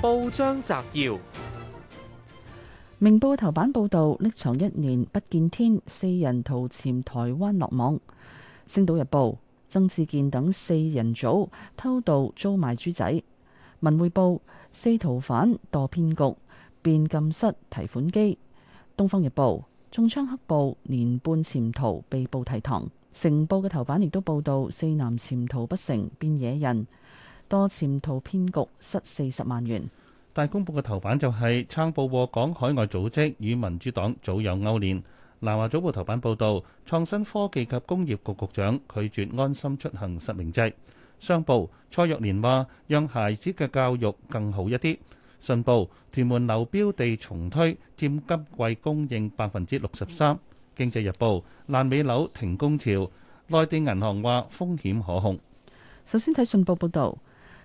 報章摘要：明報頭版報道匿藏一年不見天，四人逃潛台灣落網。星島日報：曾志健等四人組偷渡租賣豬仔。文匯報：四逃犯墮騙局，變禁室提款機。東方日報：中槍黑暴，年半潛逃被捕提堂。成報嘅頭版亦都報道四男潛逃不成，變野人。多潛逃騙局，失四十萬元。大公報嘅頭版就係撐捕禍港海外組織與民主黨早有勾連。南華早報頭版報導，創新科技及工業局局長拒絕安心出行實名制。商報蔡若蓮話，讓孩子嘅教育更好一啲。信報屯門樓標地重推，佔今季供應百分之六十三。經濟日報爛尾樓停工潮，內地銀行話風險可控。首先睇信報報導。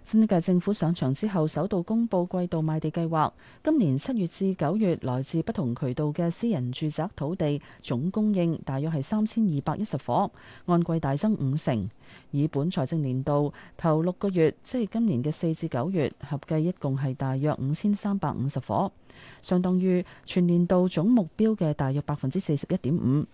新一屆政府上場之後，首度公布季度賣地計劃。今年七月至九月，來自不同渠道嘅私人住宅土地總供應大約係三千二百一十伙，按季大增五成。以本財政年度頭六個月，即係今年嘅四至九月，合計一共係大約五千三百五十伙，相當於全年度總目標嘅大約百分之四十一點五。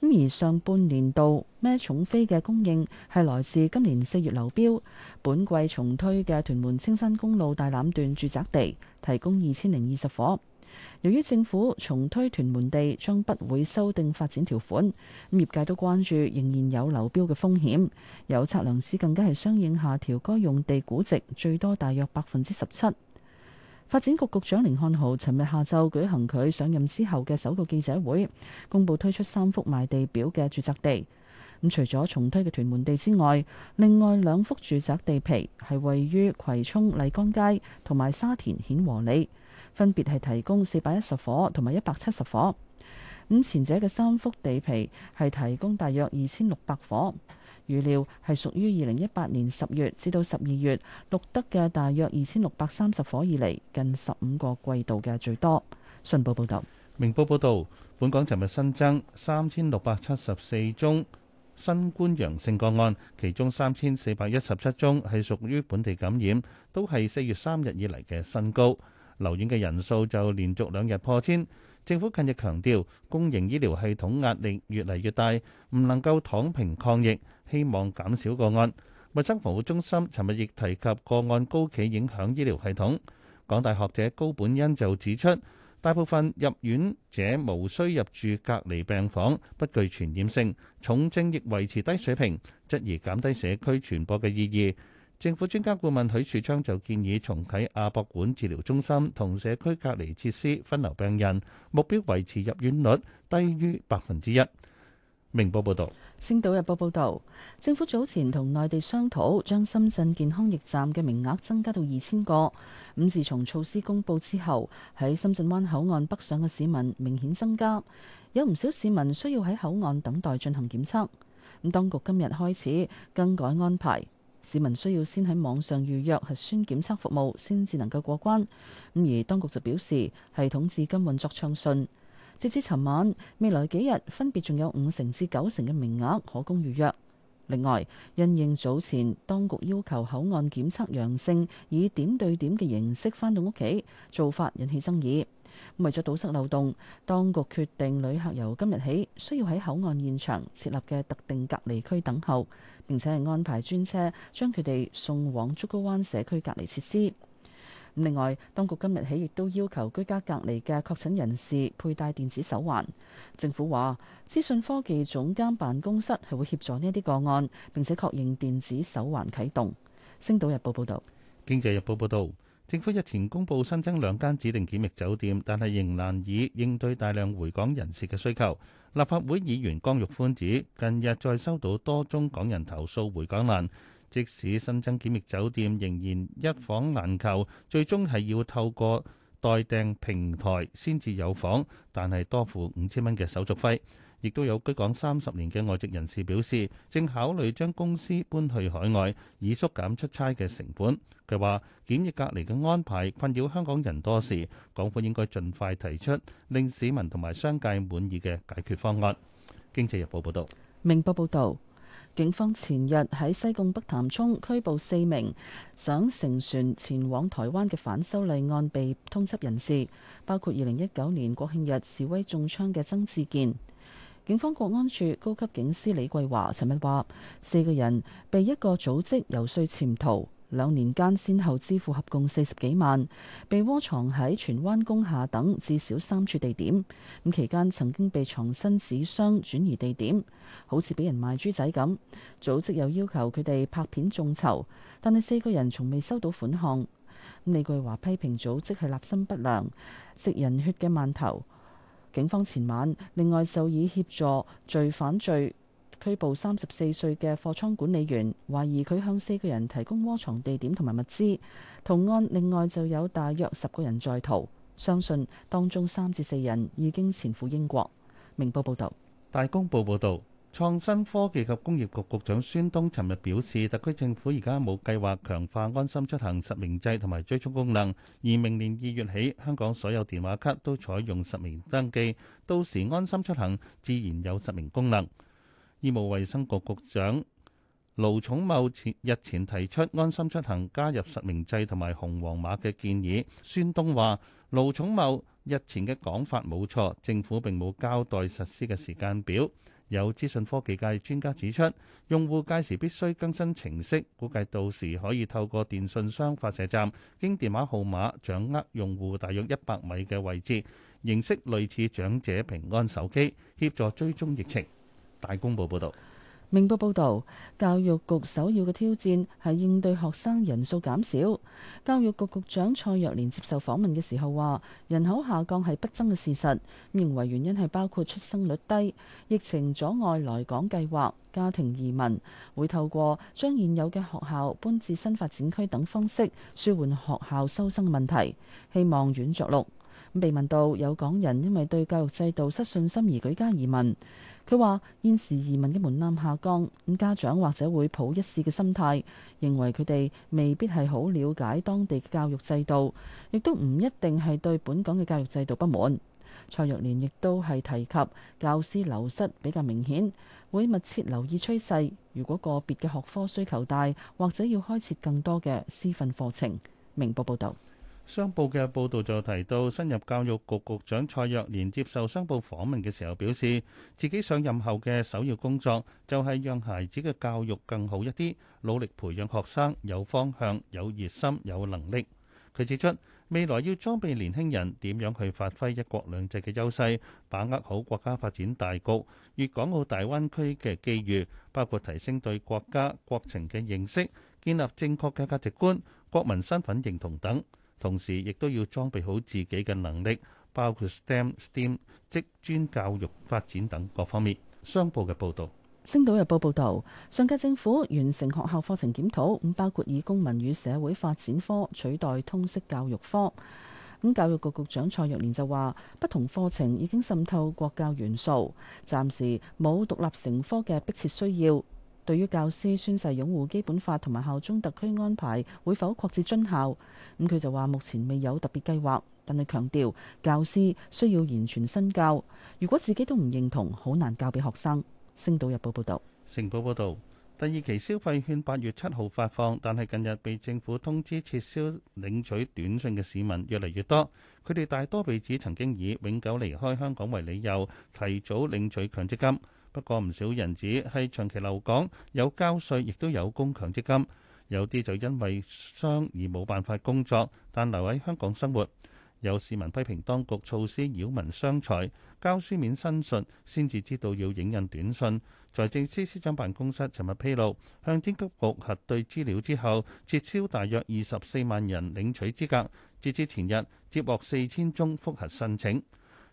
咁而上半年度，咩重飛嘅供應係來自今年四月流標，本季重推嘅屯門青山公路大欖段住宅地提供二千零二十伙。由於政府重推屯門地，將不會修訂發展條款，業界都關注仍然有流標嘅風險。有測量師更加係相應下調該用地估值，最多大約百分之十七。發展局局長寧漢豪尋日下晝舉行佢上任之後嘅首個記者會，公布推出三幅賣地表嘅住宅地。咁、嗯、除咗重推嘅屯門地之外，另外兩幅住宅地皮係位於葵涌麗江街同埋沙田顯和里，分別係提供四百一十伙同埋一百七十伙。咁、嗯、前者嘅三幅地皮係提供大約二千六百伙。預料係屬於二零一八年十月至到十二月錄得嘅大約二千六百三十伙，以嚟近十五個季度嘅最多。信報報道：明報報道，本港尋日新增三千六百七十四宗新冠陽性個案，其中三千四百一十七宗係屬於本地感染，都係四月三日以嚟嘅新高。留院嘅人數就連續兩日破千，政府近日強調，公營醫療系統壓力越嚟越大，唔能夠躺平抗疫，希望減少個案。衞生防護中心尋日亦提及個案高企影響醫療系統。港大學者高本恩就指出，大部分入院者無需入住隔離病房，不具傳染性，重症亦維持低水平，質疑減低社區傳播嘅意義。政府專家顧問許樹昌就建議重啟亞博館治療中心同社區隔離設施，分流病人，目標維持入院率低於百分之一。明報報導，《星島日報》報道，政府早前同內地商討，將深圳健康驛站嘅名額增加到二千個。咁，自從措施公佈之後，喺深圳灣口岸北上嘅市民明顯增加，有唔少市民需要喺口岸等待進行檢測。咁，當局今日開始更改安排。市民需要先喺網上預約核酸檢測服務，先至能夠過關。咁而當局就表示，系統至今運作暢順。截至尋晚，未來幾日分別仲有五成至九成嘅名額可供預約。另外，因應早前當局要求口岸檢測陽性，以點對點嘅形式返到屋企，做法引起爭議。為咗堵塞漏洞，當局決定旅客由今日起需要喺口岸現場設立嘅特定隔離區等候，並且係安排專車將佢哋送往竹篙灣社區隔離設施。另外，當局今日起亦都要求居家隔離嘅確診人士佩戴電子手環。政府話，資訊科技總監辦公室係會協助呢一啲個案，並且確認電子手環啟動。星島日報報道。經濟日報報道。政府日前公布新增兩間指定檢疫酒店，但係仍難以應對大量回港人士嘅需求。立法會議員江玉歡指，近日再收到多宗港人投訴回港難，即使新增檢疫酒店，仍然一房難求，最終係要透過代訂平台先至有房，但係多付五千蚊嘅手續費。亦都有居港三十年嘅外籍人士表示，正考慮將公司搬去海外，以縮減出差嘅成本。佢話檢疫隔離嘅安排困擾香港人多時，港府應該盡快提出令市民同埋商界滿意嘅解決方案。《經濟日報》報道，《明報》報道，警方前日喺西貢北潭涌拘捕四名想乘船前往台灣嘅反修例案被通緝人士，包括二零一九年國慶日示威中槍嘅曾志健。警方國安處高級警司李桂華尋日話：四個人被一個組織遊說潛逃，兩年間先後支付合共四十幾萬，被窩藏喺荃灣、工廈等至少三處地點。咁期間曾經被藏身紙箱轉移地點，好似俾人賣豬仔咁。組織又要求佢哋拍片眾籌，但係四個人從未收到款項。李桂華批評組織係立心不良，食人血嘅饅頭。警方前晚另外就以協助罪犯罪拘捕三十四歲嘅貨倉管理員，懷疑佢向四個人提供窩藏地點同埋物資。同案另外就有大約十個人在逃，相信當中三至四人已經潛赴英國。明報報道。大公報報導。創新科技及工業局局長孫東尋日表示，特區政府而家冇計劃強化安心出行實名制同埋追蹤功能，而明年二月起，香港所有電話卡都採用實名登記，到時安心出行自然有實名功能。醫務衛生局局長盧寵茂日前提出安心出行加入實名制同埋紅黃碼嘅建議，孫東話盧寵茂日前嘅講法冇錯，政府並冇交代實施嘅時間表。有資訊科技界專家指出，用戶屆時必須更新程式，估計到時可以透過電訊商發射站，經電話號碼掌握用戶大約一百米嘅位置，形式類似長者平安手機，協助追蹤疫情。大公報報導。明報報道，教育局首要嘅挑戰係應對學生人數減少。教育局局長蔡若蓮接受訪問嘅時候話：人口下降係不爭嘅事實，認為原因係包括出生率低、疫情阻礙來港計劃、家庭移民，會透過將現有嘅學校搬至新發展區等方式舒緩學校收生問題，希望軟着陸。咁被問到有港人因為對教育制度失信心而舉家移民。佢話現時移民嘅門檻下降，咁家長或者會抱一試嘅心態，認為佢哋未必係好了解當地嘅教育制度，亦都唔一定係對本港嘅教育制度不滿。蔡若蓮亦都係提及教師流失比較明顯，會密切留意趨勢，如果個別嘅學科需求大，或者要開設更多嘅師訓課程。明報報道。商報嘅報導就提到，新任教育局局長蔡若蓮接受商報訪問嘅時候表示，自己上任後嘅首要工作就係讓孩子嘅教育更好一啲，努力培養學生有方向、有熱心、有能力。佢指出，未來要裝備年輕人點樣去發揮一國兩制嘅優勢，把握好國家發展大局、粵港澳大灣區嘅機遇，包括提升對國家國情嘅認識、建立正確嘅價值觀、國民身份認同等。同時，亦都要裝備好自己嘅能力，包括 STEM, STEM、STEAM、職專教育發展等各方面。商報嘅報導，《星島日報》報導，上屆政府完成學校課程檢討，咁包括以公民與社會發展科取代通識教育科。咁教育局局長蔡若蓮就話：，不同課程已經滲透國教元素，暫時冇獨立成科嘅迫切需要。對於教師宣誓擁護基本法同埋校中特區安排，會否擴至尊校？咁、嗯、佢就話目前未有特別計劃，但係強調教師需要言傳身教。如果自己都唔認同，好難教俾學生。星島日報報道，成報報道，第二期消費券八月七號發放，但係近日被政府通知撤銷領取短信嘅市民越嚟越多。佢哋大多被指曾經以永久離開香港為理由，提早領取強積金。不過唔少人指係長期留港有交稅，亦都有供強積金，有啲就因為傷而冇辦法工作，但留喺香港生活。有市民批評當局措施擾民傷財，交書面申述先至知道要影印短信。財政司司長辦公室尋日披露，向天集局，局核對資料之後，撤銷大約二十四萬人領取資格，截至前日接獲四千宗覆核申請。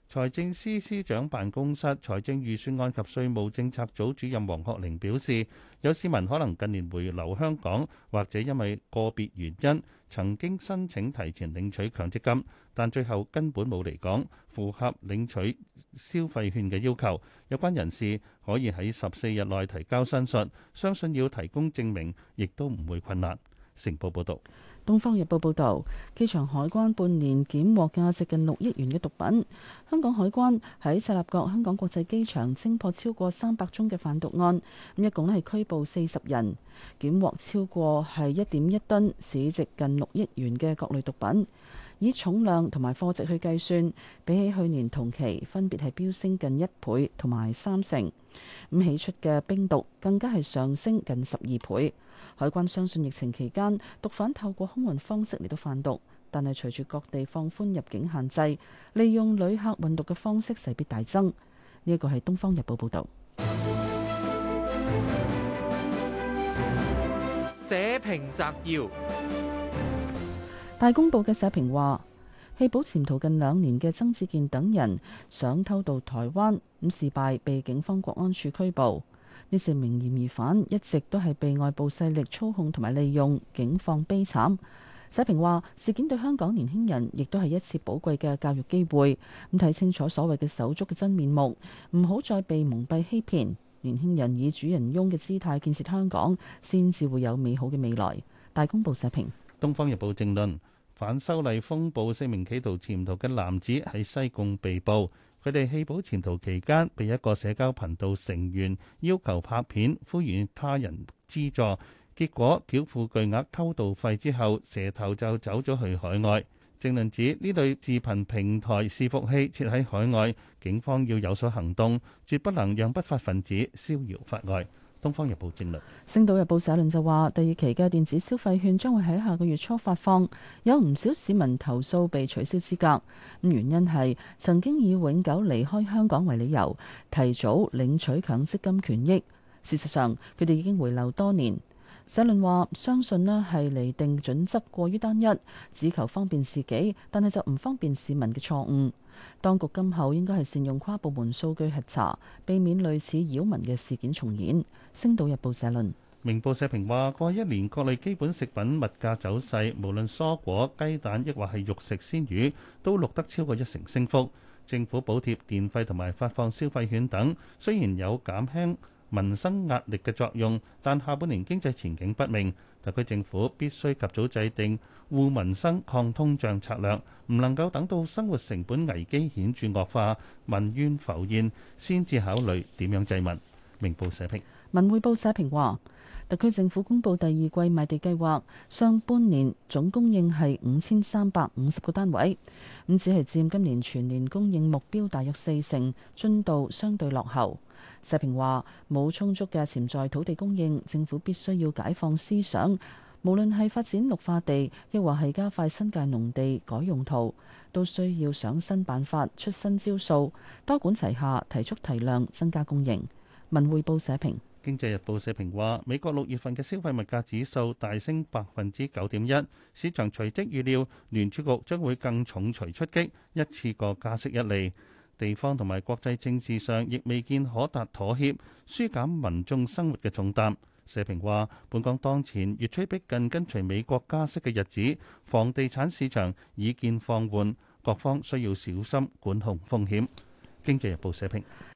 財政司司長辦公室財政預算案及稅務政策組主任黃學玲表示，有市民可能近年回流香港，或者因為個別原因曾經申請提前領取強積金，但最後根本冇離港，符合領取消費券嘅要求。有關人士可以喺十四日內提交申述，相信要提供證明亦都唔會困難。成報報道，東方日報報道，機場海關半年檢獲價值近六億元嘅毒品。香港海關喺赤鱲角香港國際機場偵破超過三百宗嘅販毒案，咁一共咧係拘捕四十人，檢獲超過係一點一噸，市值近六億元嘅各類毒品。以重量同埋貨值去計算，比起去年同期分別係飆升近一倍同埋三成。咁起出嘅冰毒更加係上升近十二倍。海關相信疫情期間毒販透過空運方式嚟到販毒，但係隨住各地放寬入境限制，利用旅客運毒嘅方式勢必大增。呢一個係《東方日報》報道。社評摘要。大公報嘅社評話：棄保潛逃近兩年嘅曾志健等人想偷渡台灣，咁事敗被警方國安處拘捕。呢四名嫌疑犯一直都係被外部勢力操控同埋利用，警方悲慘。社評話事件對香港年輕人亦都係一次寶貴嘅教育機會，咁睇清楚所謂嘅手足嘅真面目，唔好再被蒙蔽欺騙。年輕人以主人翁嘅姿態建設香港，先至會有美好嘅未來。大公報社評。《東方日報》正論：反修例風暴，四名企圖潛逃嘅男子喺西貢被捕。佢哋棄保潛逃期間，被一個社交頻道成員要求拍片，呼籲他人資助，結果繳付巨額偷渡費之後，蛇頭就走咗去海外。正論指呢類視頻平台伺服器設喺海外，警方要有所行動，絕不能讓不法分子逍遙法外。《東方日報》政略，《星島日報》社論就話：第二期嘅電子消費券將會喺下個月初發放，有唔少市民投訴被取消資格。原因係曾經以永久離開香港為理由，提早領取強積金權益。事實上，佢哋已經回流多年。社論話：相信呢係釐定準則過於單一，只求方便自己，但係就唔方便市民嘅錯誤。當局今後應該係善用跨部門數據核查，避免類似擾民嘅事件重演。星島日報社論，明報社評話：過去一年各類基本食品物價走勢，無論蔬果、雞蛋，抑或係肉食鮮魚，都錄得超過一成升幅。政府補貼電費同埋發放消費券等，雖然有減輕民生壓力嘅作用，但下半年經濟前景不明，特區政府必須及早制定護民生、抗通脹策略，唔能夠等到生活成本危機顯著惡化、民怨浮現先至考慮點樣制民。明報社評，文匯報社評話。特區政府公布第二季賣地計劃，上半年總供應係五千三百五十個單位，咁只係佔今年全年供應目標大約四成，進度相對落後。社評話冇充足嘅潛在土地供應，政府必須要解放思想，無論係發展綠化地，亦或係加快新界農地改用途，都需要想新辦法、出新招數，多管齊下，提速提量，增加供應。文匯報社評。經濟日報社評話，美國六月份嘅消費物價指數大升百分之九點一，市場隨即預料聯儲局將會更重拳出擊，一次過加息一釐。地方同埋國際政治上亦未見可達妥協，舒減民眾生活嘅重擔。社評話，本港當前越趨逼近跟隨美國加息嘅日子，房地產市場已見放緩，各方需要小心管控風險。經濟日報社評。